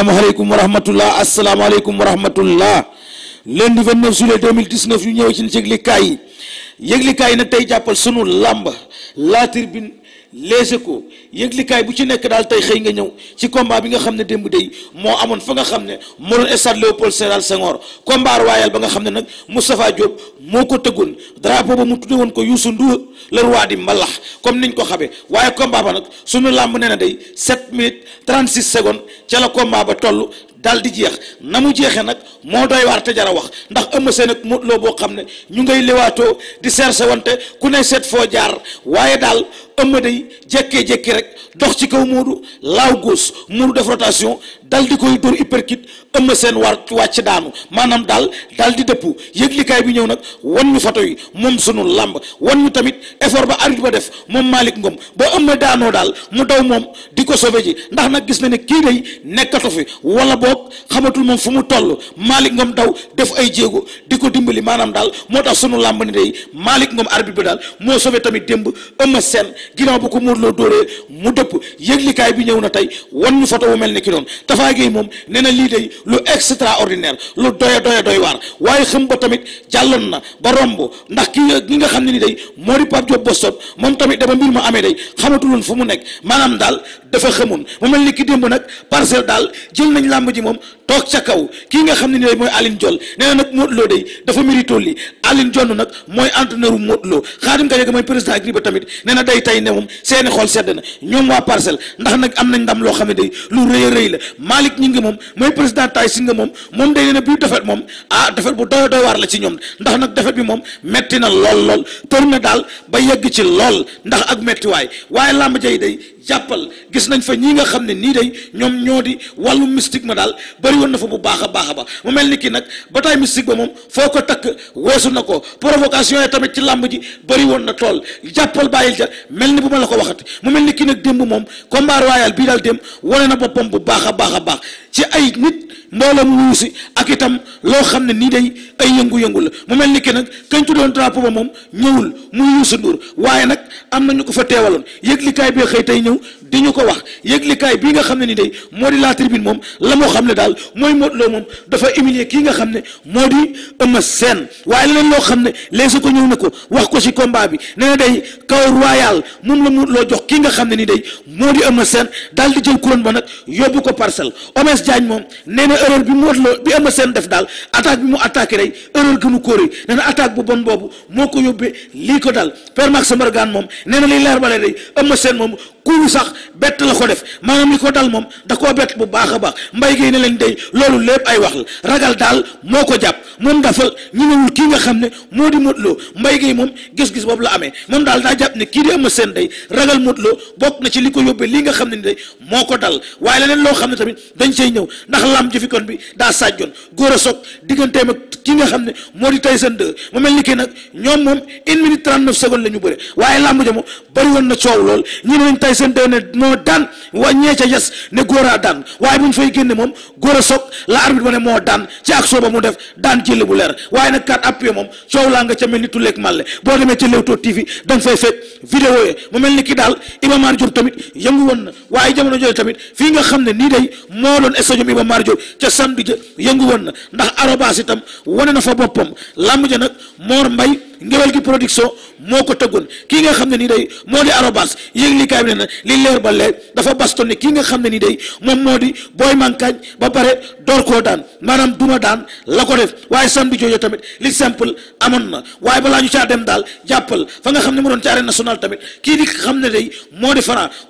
asalaamaaleykum wa rahmatullah asalaamaaleykum wa rahmatullah lundi 29 juillet 2019 ñu ñëw ci yëglikaay yi yëglikaay yi nag tey jàppal sunu làmb laatir bi Les ko yëglikaay bu ci nekk daal tey xëy nga ñëw ci combat bi nga xam ne démb day moo amoon fa nga xam ne moo doon stade Léopold Sédar Senghor combat royal ba nga xam ne nag Moustapha Diop moo ko tëggoon drapeau ba mu tudde woon ko Youssou Ndour le roi di mbalax comme niñ ko xamee waaye combat ba nag sunu làmb nee na day 7 minutes 36 secondes ca la combat ba toll daal di jeex na mu jeexee nag moo doy waar te jar a wax ndax Eumeu Sène ak Modou Lo boo xam ne ñu ngay lewaatoo di serse wante ku ne seet foo jaar waaye daal Eumeu day jekkee-jekki rek dox ci kaw Modou laaw góos Modou def rotation dal di koy dóor uppercut Eumeu Sène war wàcc daanu maanaam daal daal di dëpp yëglikaay bi ñëw nag wan ñu photo yi moom sunu làmb wan ñu tamit effort ba arbitre ba def moom Malick Ngom ba Eumeu daanoo daal mu daw moom di ko sauver ji ndax nag gis na ne kii day bopp xamatul moom fu mu toll Malick Ngom daw def ay jéego di ko dimbali maanaam daal moo tax sunu làmb ni day Malick Ngom arbitre bi daal moo sauvé tamit démb Eumeu Sène ginnaaw bu ko Modou Lo dóoree mu dëpp yëglikaay bi na tey wan ñu photo bu mel ni ki doon Tapha Gueye moom nee na lii day lu extraordinaire lu doya doya doy waar waaye xam ba tamit jàlloon na ba romb ndax ki ki nga xam ni day moo di Pape Diop Boston moom tamit dama mbir ma amee day xamatuloon fu mu nekk maanaam daal dafa xamoon mu mel ni ki démb nag parcelle daal jël nañ làmb ci moom toog ca kaw kii nga xam ne nii mooy Aline Diol nee na nag Modou Lo day dafa mérito li Aline Diol nag mooy entraîneur u Modou Lo Khadim Gadiaga mooy président ak ba tamit nee na day tey ne moom seeni xool sedd na ñoom waa parcelle ndax nag am nañ ndam loo xam ne day lu rëy a la Malick ñi nga moom mooy président tay si nga moom moom day nee na bu defet moom ah defet bu doy doy waar la ci ñoom ndax nag defeet bi moom metti na lool lool tourné daal ba yegg ci lool ndax ak mettiwaay waaye làmb jay day jàppal gis nañ fa ñii nga xam ne nii day ñoom ñoo di wàllu mystique ma daal bëri woon na fa bu baax a baax a ba mu mel ni kii nag bataille mystique ba moom foo ko takk weesu na ko provocation yi tamit ci làmb ji bëri woon na tool jàppal bàyyil ja mel ni bu ma la ko waxati mu mel ni ki nag démb moom combat royal bii daal démb wane na boppam bu baax a baax baax ci ay nit ndoolam wuusi ak itam loo xam ne nii day ay yëngu-yëngu la mu mel ni ki nag kañ tuddoon drapeau ba moom ñëwul muy Youssou Ndour waaye nag am na ñu ko fa teewaloon yëglikaay bi xëy tey ñëw di ñu ko wax yëglikaay bii nga xam ne nii day moo di la tribune moom la moo xam ne daal mooy Modou Lo moom dafa humilier kii nga xam ne moo di Eumeu Sène waaye leneen loo xam ne léegi su ko ñëw ko wax ko ci combat bi nee day kaw royal moom la Modou Lo jox kii nga xam ne nii day moo di Eumeu Sène daal di jël kuroon ba nag yóbbu ko parcelle Blaise Diagne moom nee na erreur bi Modou Lo bi Eumeu Sène def daal attaque bi mu attaqué rey erreur gënu kóoree nee na attaque bu bon boobu moo ko yóbbee lii ko dal Père Max Mbargane moom nee na liy leer ba day Eumeu Sène moom kuubi sax bett la ko def maanaam li ko dal moom da koo bett bu baax a baax mbay gi ne leen loolu lépp ay wax la ragal daal moo ko jàpp. moom daa fal ñemewul kii nga xam ne moo di Modou Lo Mbaye Guèye moom gis-gis boobu la amee moom daal daa jàpp ne kii di Eumeu seen day ragal Modou Lo bokk na ci li ko yóbbee li nga xam ne ni moo ko dal waaye leneen loo xam ne tamit dañ cey ñëw ndax lam jëfikoon bi daa sàjjoon góor a soog digganteem ak kii nga xam ne moo di Tyson 2 mu mel ni kii nag ñoom moom une minute trente neuf secondes la ñu bëre waaye lamb ja moom bëri woon na coow lool ñi ne nañ Tyson 2 moo daan wa ñee ca yes ne góor a daan waaye bu ñu fay génne moom góor a la arbitre ba ne moo daan ci ak sooba mu def daan jëlle bu leer waaye nag kat appuyé moom coow laa nga ca mel ni tulleeg màlle boo demee ca Leewtoo TV da nga fay fekk vidéo yi mu mel ni ki daal Iba Mar tamit yëngu woon na waaye jamono jooju tamit fii nga xam ne nii day moo doon stadium Iba Mar Diop ca samedi ja yëngu woon na ndax arobas itam wane na fa boppam làmb ja nag Mor Mbaye ngewel gi production moo ko tëggoon kii nga xam ne nii day moo di arobas yéeg li kaay bi ne na li leer ba leer dafa baston ne kii nga xam ne nii day moom moo di booy mankaañ ba pare door koo daan maanaam duma daan la ko def waaye sambi jooju tamit li amoon na waaye balaa caa dem daal jàppal fa nga xam ne mu doon ci arène nationale tamit kii di xam ne day moo di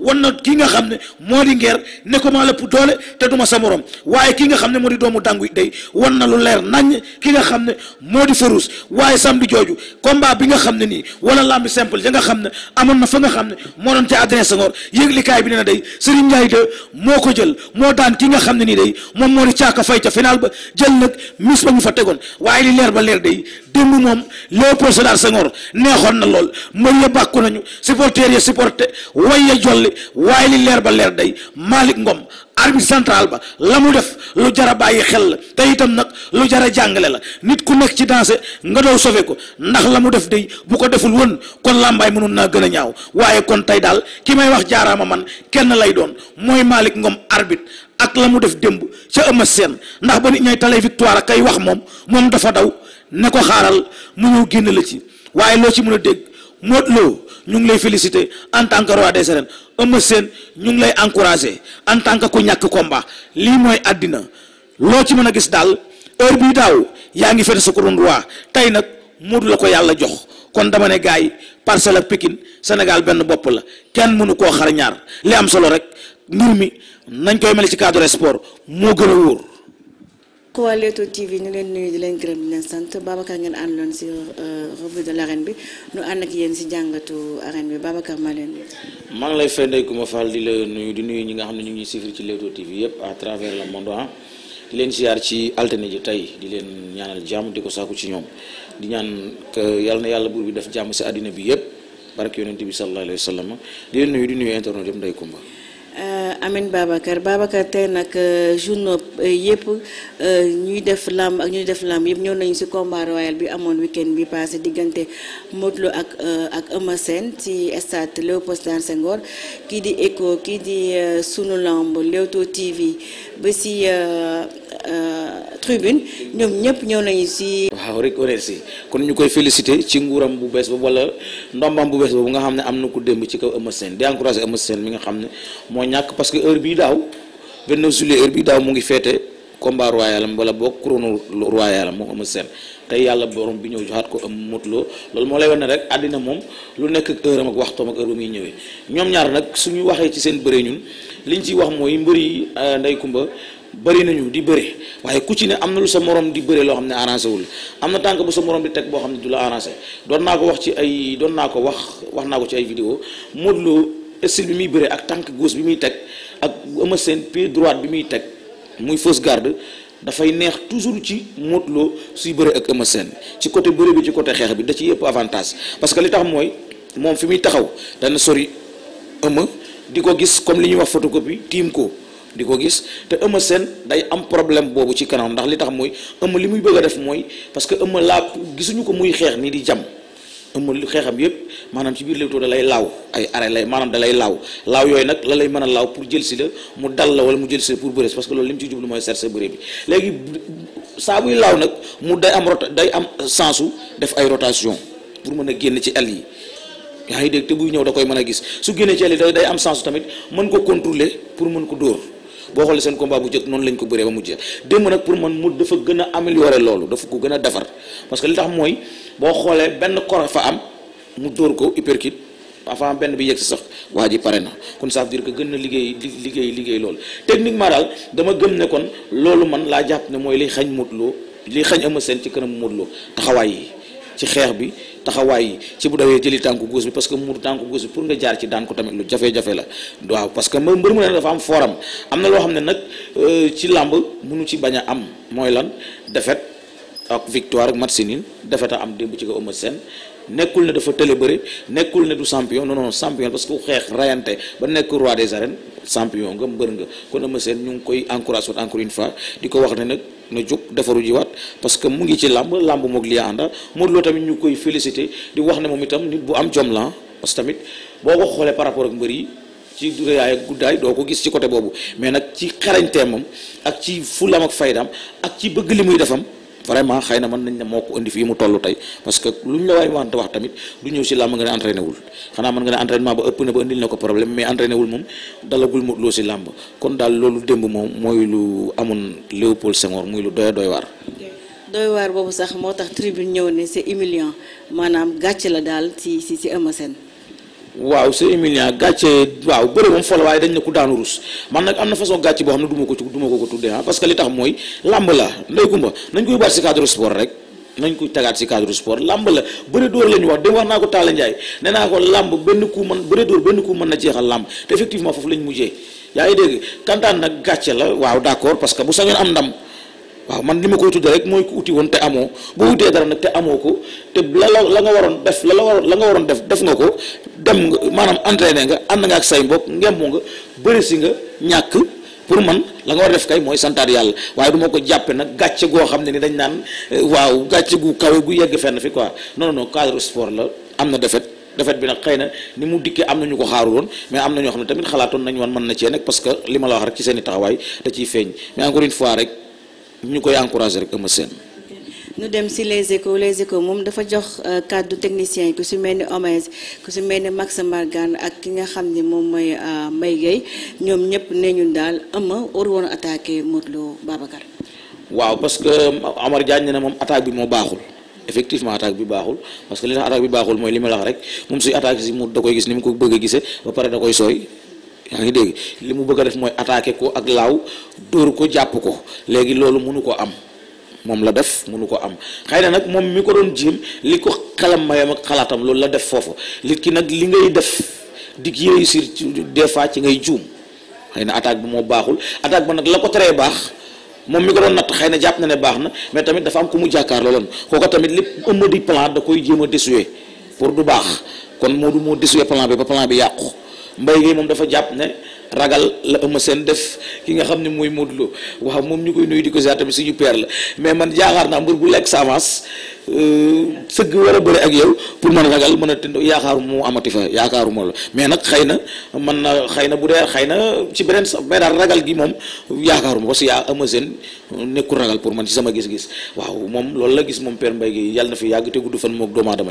wan na kii nga xam ne moo di ngeer ne ko maa lépp doole te duma sa waaye kii nga xam ne moo di doomu dàngu day wan na lu leer naññ ki nga xam ne moo di faruus waaye samedi jooju baa bi nga xam ne nii wala lamb simple ya nga xam ne amoon na fa nga xam ne moo doon ca adresse Senghor yëglikaay bi nee na day Serigne Ndiaye de moo ko jël moo daan ki nga xam ne nii day moom moo di caaka fay ca final ba jël nag mis ba ñu fa tegoon waaye li leer ba leer day démb moom Léopold Sédar Senghor neexoon na lool mbër ya bàkku nañu supporters ya supporté way ya jolli waaye li leer ba leer day maalik Ngom arbitre central ba la mu def lu jara bàyyi xel la te itam nag lu jara jàngale la nit ku nekk ci danse nga doo sauvé ko ndax la mu def day bu ko deful woon kon làmbaay mënoon naa gën a ñaaw waaye kon tey daal ki may wax jaaraama man kenn lay doon mooy maalik Ngom arbitre ak la mu def dëmb ca Eumeu Sène ndax ba nit ñay talee victoire kay wax moom moom dafa daw ne ko xaaral mu ñëw génn la ci waaye loo ci mën a dégg Modou Lo ñu ngi lay félicité en tant que roi des arènes Eumeu seen ñu ngi lay encourager en tant que ku ñàkk combat lii mooy àddina loo ci mën a gis daal heure bii daaw yaa ngi fete sa couronne roi tey nag Modou la ko yàlla jox kon dama ne gars yi Parcelles ak Pikine Sénégal benn bopp la kenn mënu koo xar ñaar li am solo rek mbir mi nañ koy mel ci cadre sport moo gën a wóor ko waa Leewtoo TV ñu leen nuyu di leen gërëm sant Babacar ngeen àndaloon si euh, revue de l'arène bi ñu ànd ak yéen si jàngatu arène bi Babacar maa leen maa ngi lay fay Ndeye Coumba Fall di la nuyu di nuyu ñi nga xam ne ñu ngi suivre ci Leewtoo TV yëpp à travers le monde ah di leen siyaar ci altine ji tey di leen ñaanal jàmm di ko sàkku ci ñoom di ñaan que na yàlla buur bi def jàmm si àddina bi yëpp barke yonent bi sallallahu alayhi wa sallam di leen nuyu di nuyu internet yëpp Ndeye Coumba Euh, Amin Babacar Babacar tey nag euh, journaux yëpp euh, ñuy def làmb ak ñuy def làmb yëpp ñëw nañu ci combat royal bi amoon week-end bi passé diggante Modou ak ak Eumeu ci stade Léopold Sédar kii di Eco kii di sunu làmb Leewtoo TV ba ci tribune ñoom ñëpp ñëw nañu ci. waaw rek honnêteté kon ñu koy félicité ci nguuram bu bees boobu wala ndombam bu bees boobu nga xam ne am na ku démb ci kaw Eumeu Sène di encouragé Eumeu Sène mi nga xam ne moo ñàkk parce heure bii daaw 29 heure bii daaw mu ngi feete combat royal am wala boog couronne royal am moom Eumeu tey yàlla borom bi ñëw joxaat ko am motuloo loolu moo lay wan rek àddina moom lu nekk ak ak waxtoom ak heure ba muy ñëwee ñoom ñaar nag suñu bëri nañu di bëre waaye ku ci ne am na lu sa morom di bëre loo xam ne arrangé wul am na tànk bu sa moroom di teg boo xam ne du la arrangé doon naa ko wax ci ay doon naa ko wax wax naa ko ci ay vidéo Modou Lo style bi muy bëre ak tànk gauche bi muy teg ak Eumeu seen pied droite bi muy teg muy fausse garde dafay neex toujours ci Modou Lo suy bëre ak Eumeu Sène ci côté bëre bi ci côté xeex bi da ci yëpp avantage parce que li tax mooy moom fi muy taxaw dana sori Eumeu di ko gis comme li ñuy wax photocopie tiim ko. di ko gis te Eumeu Sène day am problème boobu ci kanam ndax li tax mooy Eumeu li muy bëgg def mooy parce que Eumeu laa gisuñu ko muy xeex nii di jam Eumeu lu xeexam yëpp maanaam ci biir Leewtoo da lay laaw ay arrêt lay maanaam da lay laaw laaw yooyu nag la lay mën a laaw pour jël si la mu dal la wala mu jël si la pour bëre parce que loolu li mu ci jublu mooy chercher bëre bi léegi saa buy laaw nag mu day am rota day am sensu def ay rotation pour mën a génn ci àll yi yaa ngi dégg te buy ñëw da koy mën a gis su génnee ci àll day am sensu tamit mën ko contrôler pour mën ko dóor. boo xoolee seen combat bu jëkk noonu lañ ko bëree ba mu jeex démb nag pour man mu dafa gën a améliorer loolu dafa ko gën a defar parce que li tax mooy boo xoolee benn kor fa am mu dóor ko uppercut avant benn bi yegg si sax waa ji pare na kon ça veut dire gën na liggéey liggéey liggéey loolu techniquement daal dama gëm ne kon loolu man laa jàpp ne mooy liy xañ Modou Lo liy xañ Eumeu seen ci kanam Modou Lo taxawaay yi ci xeex bi taxawaay ci bu dawee jëli tànku góos bi parce que mu tànku góos bi pour nga jaar ci daan ko tamit lu jafe-jafe la waaw parce que mbër mu ne dafa am foram am na loo xam ne nag euh, ci làmb mënu ci bañ a am mooy lan defet ak victoire ak match nul defet a am démb ci ko Eumeu Sène nekkul ne dafa tële bëri nekkul ne du champion non non champion parce que xeex rayante ba nekk roi des arènes champion nga mbër nga kon Eumeu Sène ñu ngi koy encouragé waat encore une di ko wax ne nag na jóg defaru ji parce que mu ngi ci làmb làmb moog li ànda Modou Lo tamit ñu koy félicité di wax ne moom itam nit bu am jom la parce que tamit boo ko xoolee par rapport ak mbër yi ci réyaay ak guddaay doo ko gis ci côté boobu mais nag ci xarañteemam ak ci fulam ak faydam ak ci bëgg li muy defam vraiment xëy na mën nañ ne moo ko indi fii mu toll tey parce que lu wax tamit du ñëw si làmb nga ne entraîné wul xanaa mën nga ne entraînement ba ëpp na ba indil na ko problème mais entraîné wul moom dalagul Modou Lo si làmb kon daal loolu démb moom mooy lu amoon Léopold Senghor muy lu doy doy waar doy waar boobu sax moo tax tribune ñëw ne si humiliant maanaam gàcc la daal ci ci ci Eumeu Sène waaw c'est humiliant gàcce waaw bëre moom fola waaye dañ ne ku daanu rus man nag am na façon gàcce boo xam ne du ma ko du ma ko ko tuddee ah parce que li tax mooy làmb la ndey kumba nañ koy baat si cadre sport rek nañ koy tagaat si cadre sport làmb la bëre dóor la ñu wax dem wax naa ko Talla Ndiaye nee naa ko làmb benn coup mën bëre dóor benn coup mën na jeexal làmb te effectivement foofu lañ mujjee yaa ngi dégg kantaan nag gàcce la waaw d'accord parce que bu sañoon am ndam waaw man li ma koy tudde rek mooy ku uti woon te amoo boo utee dara nag te amoo ko te la la la nga waroon def la la waroon la nga waroon def def nga ko dem nga maanaam entraîné nga ànd nga ak say mbokk moo nga bëri si nga ñàkk pour man la nga war def kay mooy santaat yàlla waaye du ma ko jàppe nag gàcce goo xam ne ni dañ naan eh, waaw gàcce gu kawe gu yegg fenn fi quoi non non cadre sport la am na defet defet bi nag xëy na ni mu dikkee am na ñu ko woon mais am na ñoo xam ne tamit xalaatoon nañ wan mën na cee li ma la wax rek seen i taxawaay da ciy feeñ fois rek ñu koy encouragé rek Eumeu Sène ñu dem si les échos les échos moom dafa jox euh, kàddu technicien yi ku si mel ni Omez ku si mel ni Max Mbargane ak ki nga xam ni moom mooy euh, Mbaye Guèye ñoom ñëpp nee ñun daal Eumeu waru woon attaqué Modou Lo Babacar. waaw parce que Amar Diagne ne na moom attaque bi moo baaxul effectivement attaque bi baaxul parce que li tax attaque bi baaxul mooy li ma la wax rek moom suy attaque si mu da koy gis ni mu ko bëgg a gisee ba pare da koy sooy. yaa ngi dégg li mu bëgg a def mooy attaquer ko ak laaw dóor ko jàpp ko léegi loolu mënu ko am moom la def mënu ko am xëy na nag moom mi ko doon jiim li ko xelam mayam ak xalaatam loolu la def foofu lit ki nag li ngay def di ki réussir des fois ci ngay juum xay na attaque bi moo baaxul attaque ba nag la ko teree baax moom mi ko doon natt xëy na jàpp na ne baax na mais tamit dafa am ku mu jàkkaar looloon kooku tamit lépp ëmb di plan da koy jéem a pour du baax kon moo moo désuwe plan bi ba plan bi yàqu mbay gi moom dafa jàpp ne ragal la Eumeu Sène def ki nga xam ne mooy Modou Lo waaw moom ñu koy nuyu di ko ziar tamit suñu la mais man yaakaar naa mbër bu lekk sa avance euh, sëgg war a bëri ak yow pour man ragal mën a tënd yaakaaru mu amati fa yaakaaruma la mais nag xëy na man na xëy na bu dee xëy na ci beneen sax mais ragal gi moom yaakaaruma parce que yaa Eumeu Sène nekkul ragal pour man ci sama gis-gis waaw moom loolu la gis moom père Mbaye gi yàlla na fi yàgg te gudd fan moog doomu aadama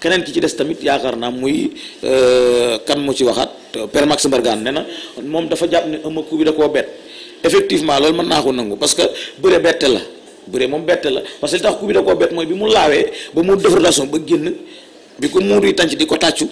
keneen ki ci des tamit yaakaar naa muy euh, kan moo ci waxaat. Père Max Mbargane nee na moom dafa jàpp ne Eumeu coup da koo bett effectivement loolu mën naa ko nangu parce que bëre bette la bëre moom bette la parce que li tax coup bi da koo bett mooy bi mu laawee ba mu def ba génn bi ko muur yi tànc di ko tàccu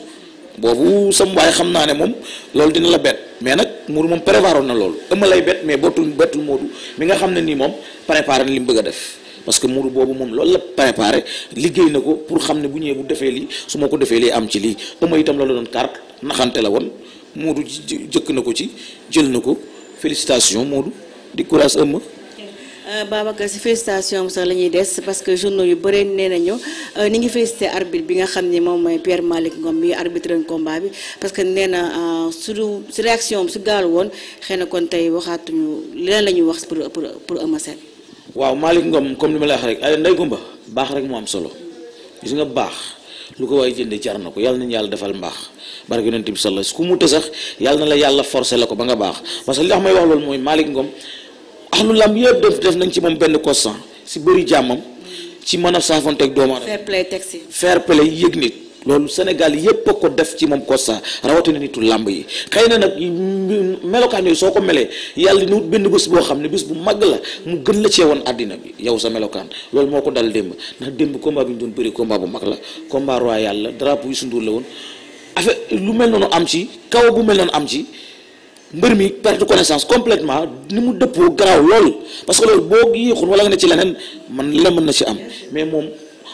boobu sama waaye xam naa ne moom loolu dina la bett mais nag muur moom prévaroon na loolu Eumeu lay bett mais bottul bettul Modou mi nga xam ne nii moom préparé na li mu bëgg a def parce que boobu moom loolu la préparé liggéey na ko pour xam ne bu ñëwee bu defee lii su ma ko defee lii am ci lii Eumeu itam la doon carte la woon Modou jëkk na ko ci jël na ko félicitation Modou di courage ëmma euh, Babacar si félicitation sax la ñuy des parce que journaux yu bëre nee nañu euh, ni ngi félicité arbitre bi nga xam ne moom mooy Pierre Malick Ngom mi arbitre combat bi parce que nee na euh, su su réaction su gaal woon xëy na kon tey waxaatuñu leneen la ñuy wax pour pour pour Eumeu Sène waaw Malick Ngom comme li ma la wax rek ay ndey gumba baax rek mu am solo gis nga baax lu ko waaye jënde jar na ko yàlla nañu yàlla defal mbaax barke yonent bi salla ku mu tësax yàlla na la yàlla forcé la ko ba nga baax parce que li tax may wax loolu mooy Malick Ngom ahlu lamb yëpp def def nañ ci moom benn constant si bëri jàmmam ci mën a saafonteeg doomu aadama fair play yëg nit loolu Sénégal yépp a ko def ci moom constat rawatina nitu làmb yi xëy na nag melokaan yooyu soo ko melee yàlla ni benn bés boo xam ne bés bu mag la mu gën la cee woon àddina yow sa melokaan loolu moo ko dal démb ndax démb combat doon bëri combat bu mag la combat royal la drapeau yu sunduur la woon affaire lu mel noonu am ci kaw bu mel noonu am ci mbër mi perte connaissance complètement ni mu dëppoo garaaw loolu parce que boo yéexoon wala nga ci leneen man la na ci am mais moom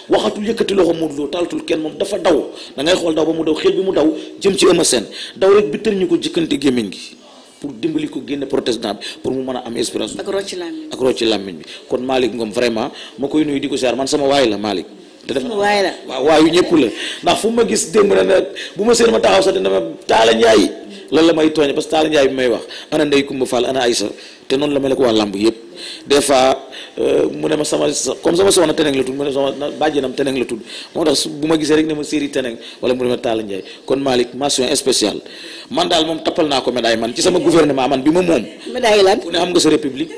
waxatul yëkkati loxo Modou Lo talatul kenn moom dafa daw da ngay xool daw ba mu daw xel bi mu daw jëm ci Eumeu Sène daw rek bi tër ñu ko jëkkante gémmiñ gi pour dimbali ko génne protestant bi pour mu mën a am espérance ak rocci làmmiñ ak rocci làmmiñ bi kon Malick Ngom vraiment ma koy nuyu di ko siyaar man sama waay la Malick te dafa waay la waaw waayu ñëpp la ndax fu ma gis démb na ne bu ma seen ma taxaw sax dina ma taala ñaay lan la may tooñe parce que bi may wax ana Ndeye Coumba Fall ana Aïssa te noonu la mel ne ko waa làmb yëpp des fois euh, mu ne ma sama comme sama soxna teneng la tudd mu ne sama bàjjenam teneng la tudd moo tax bu ma gisee rek ne ma série teneng wala mu ne ma Talla kon Malick man daal moom tappal naa ko médaille man ci sama gouvernement man bi ma moom médaille lan ku ne am nga sa république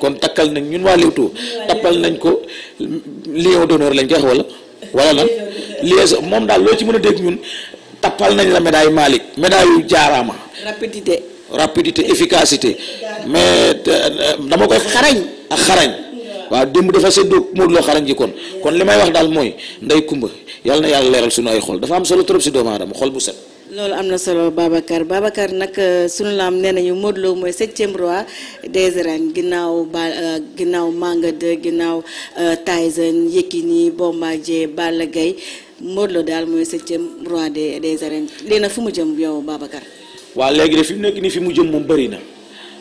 kon takkal nañ ñun waa Leewtoo tappal nañ ko lion d'honneur lañ koy wax wala wala lan moom daal loo ci mën a dégg ñun tappal nañ la médaille Malick médaille yu jaaraama. rapidité. rapidité efficacité mais euh, dama koy. xarañ ak xarañ. waaw démb dafa séddoo Modou Lo xarañ ji kon li may wax daal mooy ndey kumba yàlla na yàlla leeral suñu ay xol dafa am solo trop si doomu aadama xol bu set. loolu am na solo Babacar Babacar nag euh, sunu laam nee nañu Modou Lo mooy septième des arènes ginnaaw ba euh, ginnaaw Manga 2 ginnaaw Tyson Yékini Bombardier Balla Gaye Modou Lo daal mooy septième roi de des arènes léegi nag fu mu jëm yow Babacar. waaw léegi de fi mu nekk nii fi mu jëm moom bëri na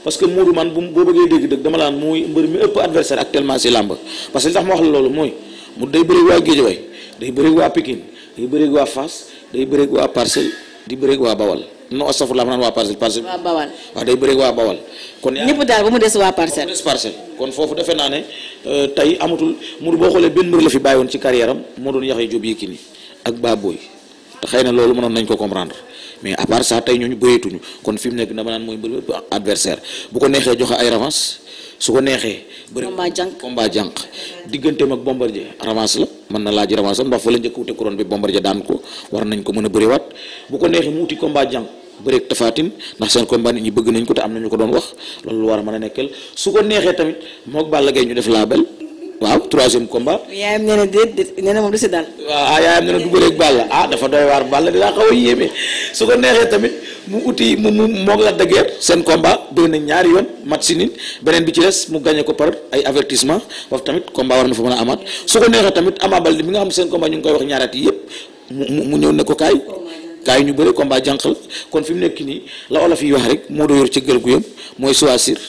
parce que Modou man bu boo bëggee dégg dëgg dama laan mooy mbër mi ëpp adversaire actuellement si làmb parce que li tax ma wax la loolu mooy mu day bëri waa Guédiawaye day bëri waa Pikine day bëri waa Fass day bëri waa Parcelles di bëri waa Bawal. non astafurlah ma naan waa parcelle parcelle. waa bawal waaw day bëreeg kon foofu defe naa ne euh, tey amatul mu boo xoolee benn mbir la fi bàyyi woon ci carrière am moo doon Yaxya Jóob Yékini ak Baboy na loolu mënoon nañ ko comprendre mais à part ça tey ñooñu bëreetuñu kon fi mu nekk dama naan mooy mbër adversaire bu ko neexee joxe ay revanche su ko neexee. bëri combat jànq combat jànq digganteem ak Bombardier revanche la mën na laaj revanche am ndax fa la njëkk wute couronne bi Bombardier daan ko war nañ ko mën a bëriwaat bu ko neexee mu wuti combat jànq bëreeg tafaatin ndax seen combat nit ñi bëgg nañ ko te am nañu ko doon wax loolu lu war a man a nekkal su ko neexee tamit moog Balla Gaye ñu def waaw troisième combat. yaayam nee na déet nee na moom du si daal. waaw ah yaayam nee na dugaleeg Balla ah dafa doy waar Balla dinaa xaw a yéeme su ko neexee tamit mu uti mu mu moog la dëgër seen combat bëri na ñaari yoon mat si nit beneen bi ci des mu gagné ko par ay avertissement foofu tamit combat war na fa mën a amaat su ko neexee tamit Ama Baldé mi nga xam seen combat ñu ngi koy wax ñaarati yëpp mu mu ñëw ne ko kaay. gaa yi ñu bëri combat jànqal kon fi mu nekk nii la olof yi wax rek moo doo yor ci gël gu mooy choisir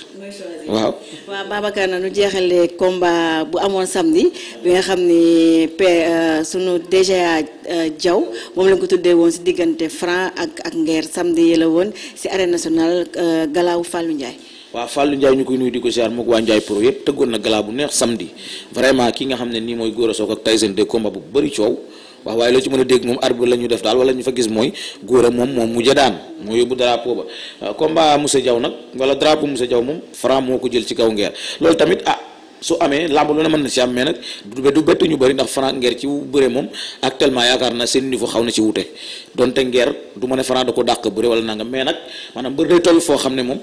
waaw waaw Babacar na nu jeexalee komba bu amoon samedi bi nga xam ni p euh, sunu DGA euh, Diaw moom lañ ko tuddee woon si diggante Franc ak ak Nguer samedi yi la woon si arène nationale euh, galaawu Fallou Ndiaye waaw Fallou Ndiaye ñu koy nuyu di ko ziar moog waa Ndiaye Pro yëpp tëggoon na galaa bu neex samedi vraiment ki nga xam ne nii mooy góor a soog ak Tyson bu bëri coow wax waaye loo ci mën a dégg moom arbre la ñu def daal wala ñu fa gis mooy góor a moom moom mujj daan moo yóbbu drapeau ba combat monsieur Diaw nag wala drapeau monsieur Diaw moom franc moo ko jël ci kaw ngeer loolu tamit ah su amee làmb lu ne mën na si am mais nag du bett ñu bëri ndax franc ngeer ci bëre moom actuellement yaakaar na seen niveau xaw na ci wute donte ngeer du ma ne franc da ko dàq bëre wala nangam mais nag maanaam bëri day toll foo xam ne moom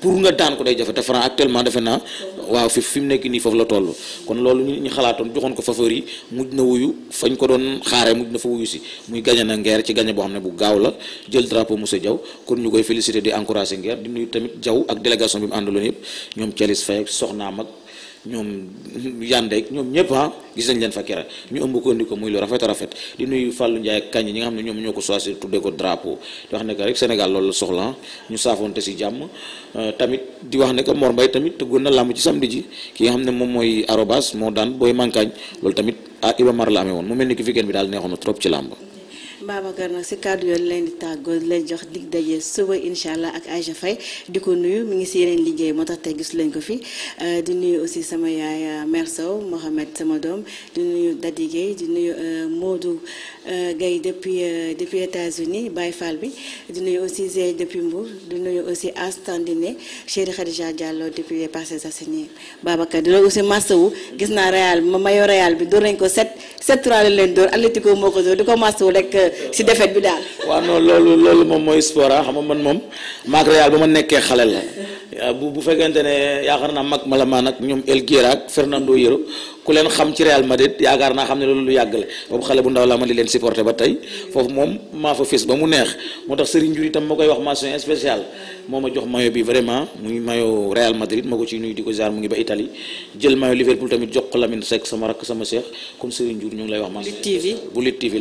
pour nga daan ko day jafe te Franc actuellement defe naa waaw fi fi mu nekk nii foofu la toll kon loolu ñu xalaatoon joxoon ko faveur yi mujj na wuyu fañ ko doon xaare mujj na fa wuyu si muy gañe na Nguer ci gañe boo xam ne bu gaaw la jël drapeau Moussa jaw kon ñu koy féliciter di encourager Nguer di nuyu tamit Diaw ak délégation bi mu àndaloon yëpp ñoom Thialis Faye soxnaam ak ñoom yandeeg ñoom ñëpp ah gis nañ leen fa kera ñu ëmb ko indi ko muy lu rafet a rafet di nuyu Fallou Ndiaye ak Kañ ñi nga xam ne ñoom ñoo ko choisir tuddee ko drapeau di wax ne que rek Sénégal la soxla ah. ñu si jàmm euh, tamit di wax ne que Mor Mbaye tamit tëggoon na làmb ci samedi ji ki nga xam ne moom mooy arobas moo daan booy mankaañ loolu tamit ah Iba Mar la amee woon mu mel ni ki weekend bi daal neexoon na trop ci làmb Babacar nag si kàddu yoon leen di tàggoo leen jox dig daje suba incha ak Aïcha Faye di ko nuyu mi ngi si yeneen liggéey moo tax tey gis leen ko fii euh, di nuyu aussi sama yaay euh, mère Sow sama doom di nuyu Dadi Guèye di nuyu euh, Modou Guèye depuis depuis États-Unis Baye Fall bi di nuyu aussi Zey depuis Mbour nuyu aussi Astandine Chéri Khadija Diallo depuis Parcelles Assainies door nañ moo ko door di ko Massawu rek. si défaite bi daal. waa non loolu loolu moom mooy sport ah xam man moom maag ba ma nekkee xale la ah, bu bu fekkente ne yaakaar naa mag Malamane ak ñoom El Guèye ak Fernando Hierro ku leen xam ci Real Madrid yaakaar naa xam ne loolu lu yàgg boobu xale bu ndaw laa ma di leen supporter ba tey foofu moom maa fa fis ba mu neex moo tax Serigne Diouf itam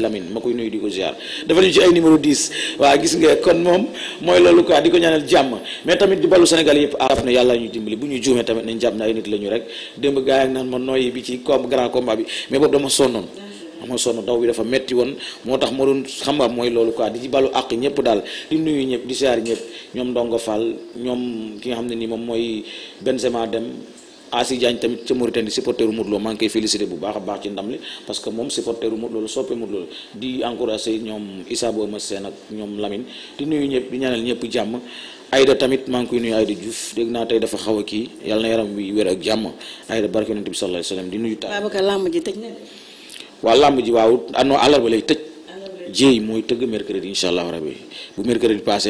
tamit ma koy nuyu di ko ziar dafa ñu ci ay numéro 10 waa gis nga kon moom mooy loolu quoi di ko ñaanal jàmm mais tamit di ballu Sénégal yëpp aaf na yàlla ñu dimbali bu ñu juumee tamit nañ jàpp ne ay nit la ñu rek démb gaay ak naan ma nooyi bi ci ci comme grand combat bi mais boobu dama sonnoon mm-hmm. dama sonn taw bi dafa metti woon moo tax ma doon xam nga mooy loolu quoi di ci balu àq ñëpp daal di nuyu ñëpp di siyaar ñëpp ñoom Ndongo Fall ñoom ki nga xam ne nii moom mooy Benzema dem Asi Diagne Lo maa ngi koy félicité a baax ci di encouragé ñoom Issa Bo Ama ak ñoom Lamine di nuyu ñëpp di ñaanal ñëpp jàmm Aïda tamit maa ngi koy nuyu Aïda Diouf dégg naa tey dafa xaw a kii yàlla na yaram wi wér ak jàmm Aïda barke yonent bi sallallahu alayhi di nuyu taal. Babacar làmb ji tëj na. waaw ah,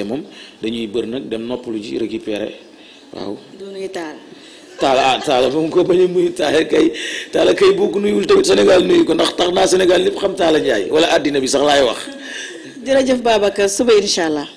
moom dañuy bër nag dem noppalu ji récupérer waaw. doo nuyu taal. taala ah taala ba mu a nuyu taala kay taala kay boo ko nuyul tamit Sénégal nuyu ko ndax tax xam taala Ndiaye wala àddina bi sax laay wax. jërëjëf Babacar suba incha